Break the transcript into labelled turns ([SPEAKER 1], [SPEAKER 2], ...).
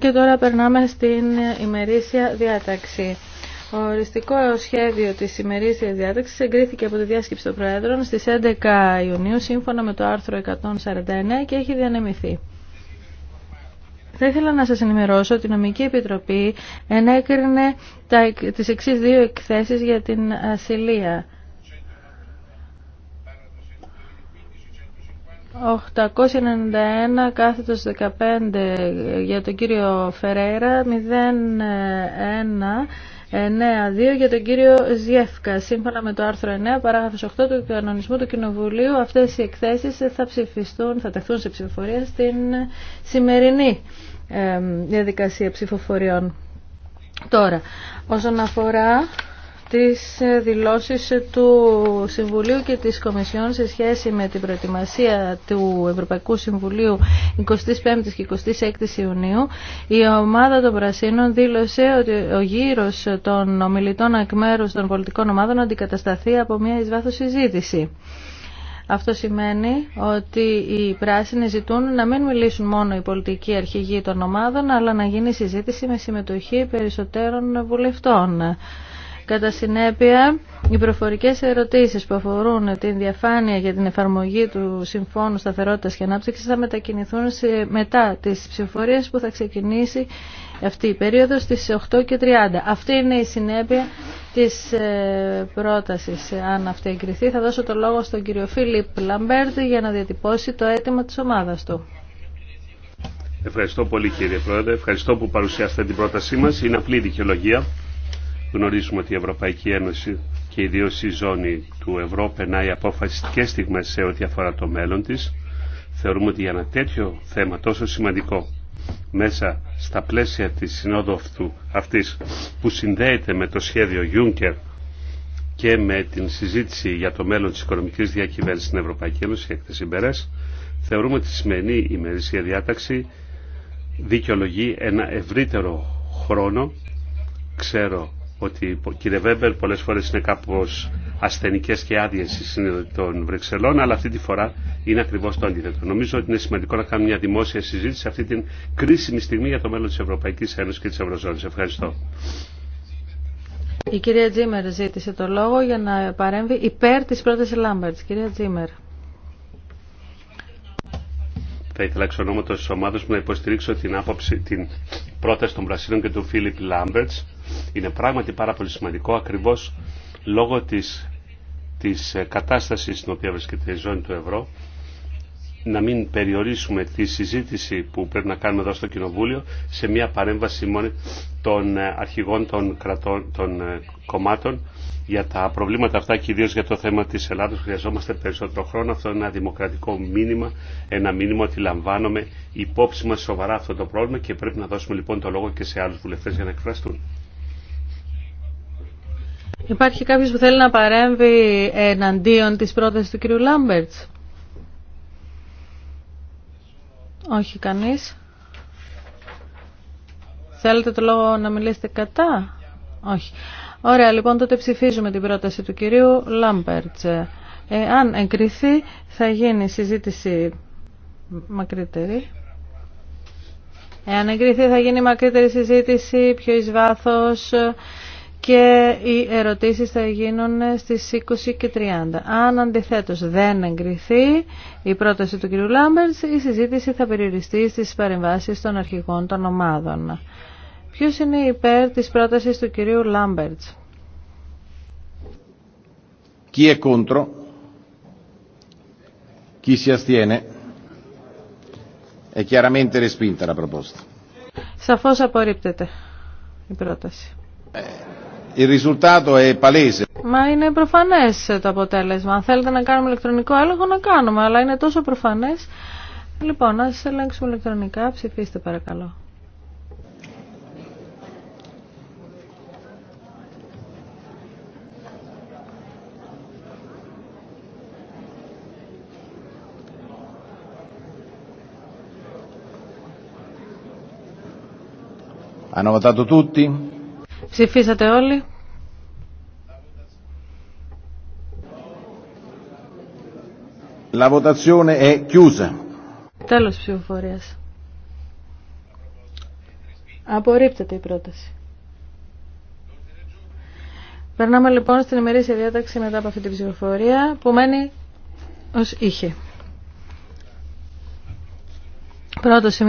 [SPEAKER 1] Και τώρα περνάμε στην ημερήσια διάταξη. Ο οριστικό σχέδιο της ημερήσιας διάταξης εγκρίθηκε από τη διάσκεψη των Προέδρων στις 11 Ιουνίου σύμφωνα με το άρθρο 149 και έχει διανεμηθεί. Θα ήθελα να σας ενημερώσω ότι η Νομική Επιτροπή ενέκρινε τις εξής δύο εκθέσεις για την ασυλία. 891 κάθετος 15 για τον κύριο Φερέιρα, 0192 για τον κύριο Ζιέφκα. Σύμφωνα με το άρθρο 9, παράγραφος 8 του κανονισμού του Κοινοβουλίου, αυτές οι εκθέσεις θα ψηφιστούν, θα τεθούν σε ψηφοφορία στην σημερινή διαδικασία ψηφοφοριών. Τώρα, όσον αφορά τις ε, δηλώσεις του Συμβουλίου και της Κομισιόν σε σχέση με την προετοιμασία του Ευρωπαϊκού Συμβουλίου 25ης και 26ης Ιουνίου. Η ομάδα των Πρασίνων δήλωσε ότι ο γύρος των ομιλητών εκ μέρου των πολιτικών ομάδων αντικατασταθεί από μια εις συζήτηση. Αυτό σημαίνει ότι οι πράσινοι ζητούν να μην μιλήσουν μόνο οι πολιτικοί αρχηγοί των ομάδων, αλλά να γίνει συζήτηση με συμμετοχή περισσότερων βουλευτών. Κατά συνέπεια, οι προφορικές ερωτήσεις που αφορούν την διαφάνεια για την εφαρμογή του Συμφώνου Σταθερότητας και Ανάπτυξης θα μετακινηθούν σε, μετά τις ψηφοφορίες που θα ξεκινήσει αυτή η περίοδο στις 8.30. Αυτή είναι η συνέπεια της ε, πρότασης. Αν αυτή εγκριθεί θα δώσω το λόγο στον κύριο Φίλιπ Λαμπέρτη για να διατυπώσει το αίτημα της ομάδας του.
[SPEAKER 2] Ευχαριστώ πολύ κύριε Πρόεδρε. Ευχαριστώ που παρουσιάσατε την πρότασή μας. Είναι απλή δικαιολογία Γνωρίζουμε ότι η Ευρωπαϊκή Ένωση και ιδίω η ζώνη του ευρώ περνάει αποφασιστικέ στιγμέ σε ό,τι αφορά το μέλλον τη. Θεωρούμε ότι για ένα τέτοιο θέμα τόσο σημαντικό μέσα στα πλαίσια της συνόδου αυτού, αυτής που συνδέεται με το σχέδιο Juncker και με την συζήτηση για το μέλλον της οικονομικής διακυβέρνησης στην Ευρωπαϊκή Ένωση και της θεωρούμε ότι η σημερινή ημερήσια διάταξη δικαιολογεί ένα ευρύτερο χρόνο. Ξέρω ότι κύριε Βέμπερ πολλές φορές είναι κάπως ασθενικές και άδειε οι σύνοδοι των Βρυξελών, αλλά αυτή τη φορά είναι ακριβώς το αντίθετο. Νομίζω ότι είναι σημαντικό να κάνουμε μια δημόσια συζήτηση σε αυτή την κρίσιμη στιγμή για το μέλλον της Ευρωπαϊκής Ένωσης και της Ευρωζώνης. Ευχαριστώ.
[SPEAKER 1] Η κυρία Τζίμερ ζήτησε το λόγο για να παρέμβει υπέρ της πρότασης Λάμπερτς. Κυρία Τζίμερ.
[SPEAKER 2] Θα ήθελα εξ ονόματος της ομάδας μου να υποστηρίξω την, άποψη, την πρόταση των Πρασίνων και του Φίλιπ Λάμπερτς είναι πράγματι πάρα πολύ σημαντικό ακριβώς λόγω της, της ε, κατάστασης στην οποία βρίσκεται η ζώνη του ευρώ να μην περιορίσουμε τη συζήτηση που πρέπει να κάνουμε εδώ στο Κοινοβούλιο σε μια παρέμβαση μόνο των ε, αρχηγών των, κρατών, των ε, κομμάτων για τα προβλήματα αυτά και ιδίω για το θέμα της Ελλάδος χρειαζόμαστε περισσότερο χρόνο. Αυτό είναι ένα δημοκρατικό μήνυμα, ένα μήνυμα ότι λαμβάνομαι υπόψη μας σοβαρά αυτό το πρόβλημα και πρέπει να δώσουμε λοιπόν το λόγο και σε άλλους βουλευτές για να εκφραστούν.
[SPEAKER 1] Υπάρχει κάποιος που θέλει να παρέμβει εναντίον της πρότασης του κυρίου Λάμπερτ. Όχι κανείς. Θέλετε το λόγο να μιλήσετε κατά. Όχι. Ωραία, λοιπόν τότε ψηφίζουμε την πρόταση του κυρίου Λάμπερτ. Ε, αν εγκριθεί θα γίνει συζήτηση μακρύτερη. Εάν εγκριθεί θα γίνει μακρύτερη συζήτηση, πιο εις βάθος και οι ερωτήσεις θα γίνουν στις 20 και 30. Αν αντιθέτως δεν εγκριθεί η πρόταση του κ. Λάμπερτς, η συζήτηση θα περιοριστεί στις παρεμβάσεις των αρχηγών των ομάδων. Ποιος είναι υπέρ της πρότασης του κ. Λάμπερτς? Chi è contro? Chi si astiene? È chiaramente Σαφώς απορρίπτεται η πρόταση. Μα είναι προφανέ το αποτέλεσμα. Αν θέλετε να κάνουμε ηλεκτρονικό έλεγχο, να κάνουμε. Αλλά είναι τόσο προφανέ. Λοιπόν, σα ελέγξουμε ηλεκτρονικά. Ψηφίστε παρακαλώ. Ψηφίσατε όλοι. La votazione è chiusa. Τέλος ψηφοφορίας. Απορρίπτεται η πρόταση. Περνάμε λοιπόν στην ημερήσια διάταξη μετά από αυτή την ψηφοφορία που μένει ως είχε. Πρώτο σημείο.